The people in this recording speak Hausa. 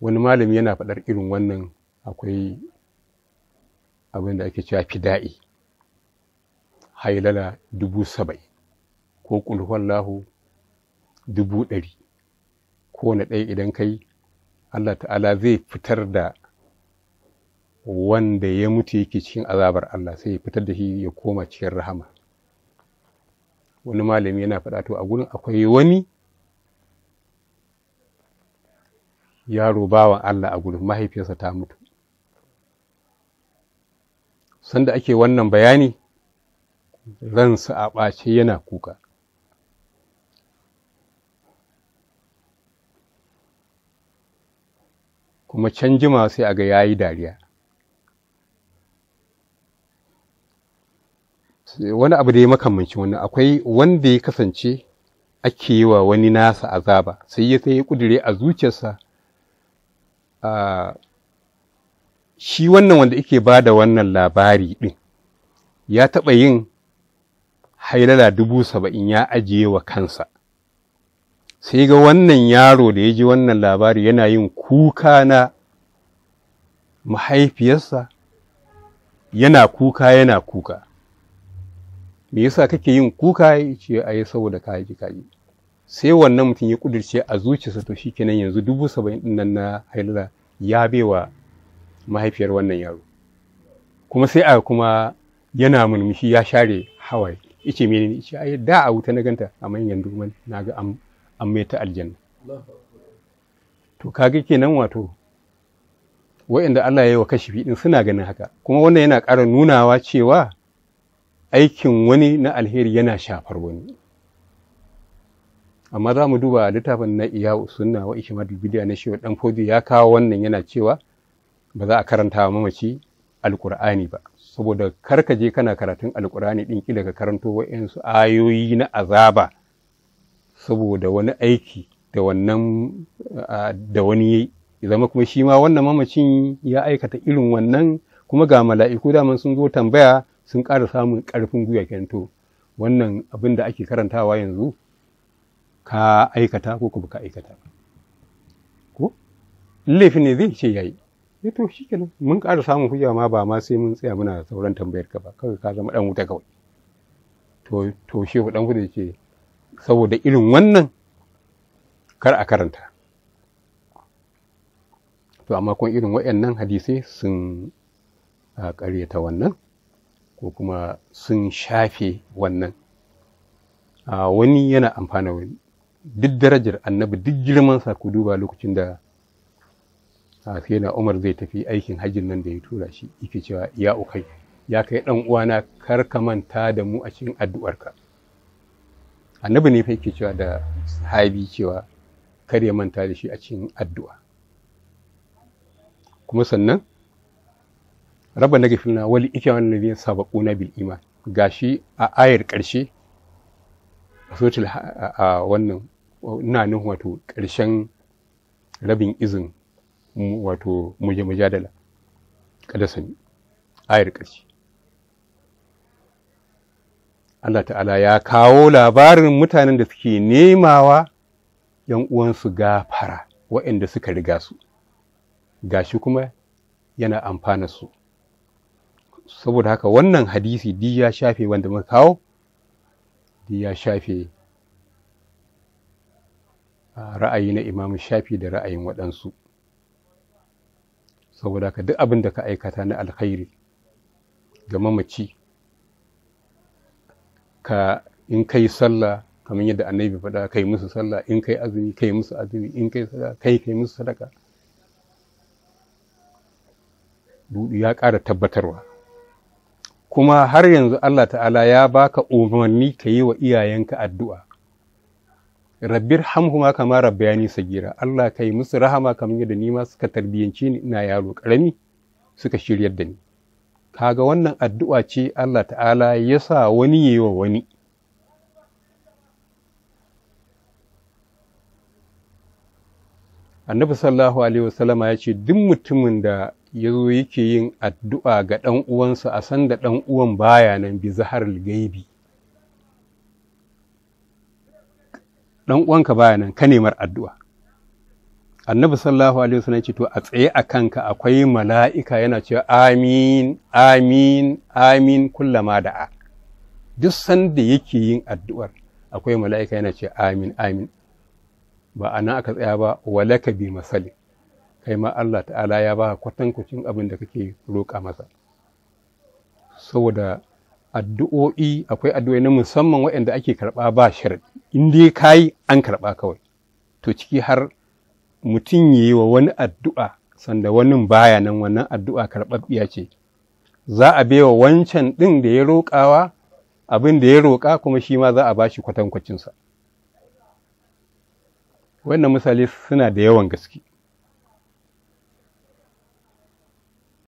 wani malami yana faɗar irin wannan akwai abin da ake cewa fida'i hailala dubu saba'i ko kulhuwallahu dubu ɗari kowane ɗaya idan kai Allah ta'ala zai fitar da wanda ya mutu yake cikin azabar Allah sai ya fitar da shi ya koma cikin rahama wani malami yana faɗa to a gurin akwai wani yaro bawan Allah a gurin mahaifiyarsa ta mutu sanda ake wannan bayani ransa a ɓace yana kuka kuma can jima sai a ga ya yi dariya wani abu da ya makamanci wani akwai wanda ya kasance ake yi wa wani nasa azaba sai ya sai ya kudure a zuciyarsa shi wannan wanda yake ba da wannan labari ɗin ya taɓa yin hailala dubu saba'in ya ajiye wa kansa sai ga wannan yaro da ya ji wannan labari yana yin kuka na mahaifiyarsa yana kuka yana kuka me yasa kake yin kuka ya ce a yi saboda kaji kaji sai wannan mutum ya kudirce a zuciyarsa to kenan yanzu dubu saba'in din nan na haila ya baiwa mahaifiyar wannan yaro kuma sai a kuma yana murmushi ya share hawaye ice menene ice ai da a wuta na ganta a manyan kuma na ga an mai ta aljanna to kaga kenan wato wa'inda Allah ya yi wa kashifi din suna ganin haka kuma wannan yana ƙara nunawa cewa aikin wani na alheri yana shafar wani amma za mu duba littafin na iya sunna wa madu bidiya na shi dan fodi ya kawo wannan yana cewa ba za a karanta wa mamaci alkur'ani ba saboda kar ka je kana karatun alkur'ani din kila ka karanto wa'insu ayoyi na azaba saboda wani aiki da wannan da wani yayi zama kuma shi ma wannan mamacin ya aikata irin wannan kuma ga mala'iku daman sun zo tambaya sun ƙara samun ƙarfin gwiwa kento wannan abin da ake karantawa yanzu ka aikata ko kuma ka aikata ko laifin ne zai ce yayi ya eh to shi kenan mun ƙara samun hujja ma ba ma sai mun tsaya muna sauran tambayar ka ba kawai ka zama dan wuta kawai to to shi dan wuta ce saboda irin wannan kar a karanta to amma kun irin waɗannan hadisai sun ƙaryata wannan ko kuma sun shafe wannan wani yana amfana wani duk darajar annabi duk girmansa ku duba lokacin da sai na umar zai tafi aikin hajjin nan da ya tura shi yake cewa ya ukai ya kai dan uwana kar ka manta da mu a cikin addu'arka annabi ne fa yake cewa da sahabi cewa kar ya manta da shi a cikin addu'a kuma sannan raba na na wali ike wannan ne sabaquna bil iman gashi a ayar ƙarshe a wannan ina nufin wato ƙarshen rabin izin wato muje mujadala kada sani ayar ƙarshe Allah ta'ala ya kawo labarin mutanen da suke nemawa ‘yan uwansu gafara waɗanda suka riga su gashi kuma yana amfana su saboda haka wannan hadisi di ya shafe wanda muka kawo di ya shafe ra'ayi na imam shafi da ra'ayin waɗansu saboda ka duk abin da ka aikata na alkhairi ga mamaci ka in yi sallah kamar yadda annabi faɗa kai musu sallah in kai azumi kai musu azumi in kai sadaka kai kai musu sadaka ya ƙara tabbatarwa kuma har yanzu Allah ta'ala ya baka umarni ka yi wa iyayenka addu'a rabbir hamhuma kama rabbayani sagira Allah kai musu rahama kamar yadda ni ma suka tarbiyyanci ni ina yaro karami suka shiryar da ni kaga wannan addu'a ce Allah ta'ala ya sa wani yi wa wani annabi sallallahu alaihi wasallama ya ce duk mutumin da ya zo yake yin addu'a ga ɗan uwansa a san da ɗan uwan baya nan bi zahar gaibi Ɗan uwanka baya nan ka nemar addu'a annabi sallallahu alaihi wasallam ce to a tsaye a kanka akwai mala'ika yana cewa amin amin amin kullama da'a duk sanda yake yin addu'ar akwai mala'ika yana cewa amin amin ba a nan aka tsaya ba walaka bi masali kai ma Allah ta'ala ya ba kwatankwacin abin da kake roƙa masa saboda addu'o'i akwai addu'o'i na musamman waɗanda ake karɓa ba sharadi in dai kayi an karɓa kawai to ciki har mutum ya yi wa wani addu'a sanda wani baya nan wannan addu'a karɓaɓɓiya ce za a baiwa wancan ɗin da ya roƙawa abin da ya roƙa kuma shi ma za a bashi kwatankwacinsa wannan misali suna da yawan gaske